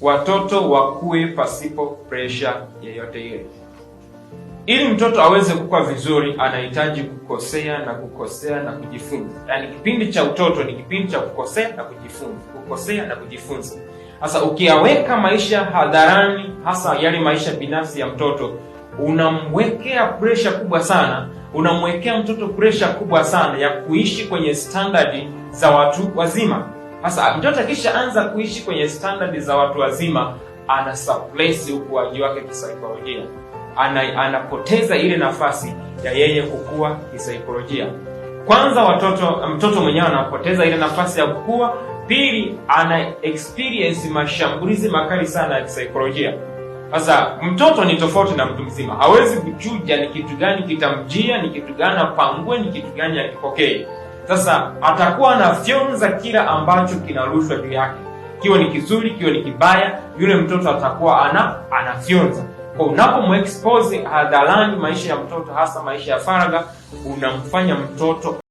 watoto wakue pasipo presha yeyote ile. Ili mtoto aweze kukua vizuri, anahitaji kukosea na kukosea na kujifunza. Yaani kipindi cha utoto ni kipindi cha kukosea na kujifunza, kukosea na kujifunza. Sasa ukiyaweka maisha hadharani, hasa yale maisha binafsi ya mtoto, unamwekea presha kubwa sana, unamwekea mtoto presha kubwa sana ya kuishi kwenye standardi za watu wazima. Sasa mtoto akishaanza kuishi kwenye standardi za watu wazima, ana suppress ukuaji wake kisaikolojia, ana anapoteza ile nafasi ya yeye kukua kisaikolojia. Kwanza watoto, mtoto mwenyewe anapoteza ile nafasi ya kukua. Pili, ana experience mashambulizi makali sana ya kisaikolojia. Sasa mtoto ni tofauti na mtu mzima, hawezi kuchuja ni kitu gani kitamjia, ni kitu gani apangue, ni kitu gani akipokee. Sasa atakuwa anafyonza kila ambacho kinarushwa juu yake, kiwa ni kizuri, kiwa ni kibaya, yule mtoto atakuwa ana anafyonza. Kwa unapomexpose hadharani maisha ya mtoto, hasa maisha ya faraga unamfanya mtoto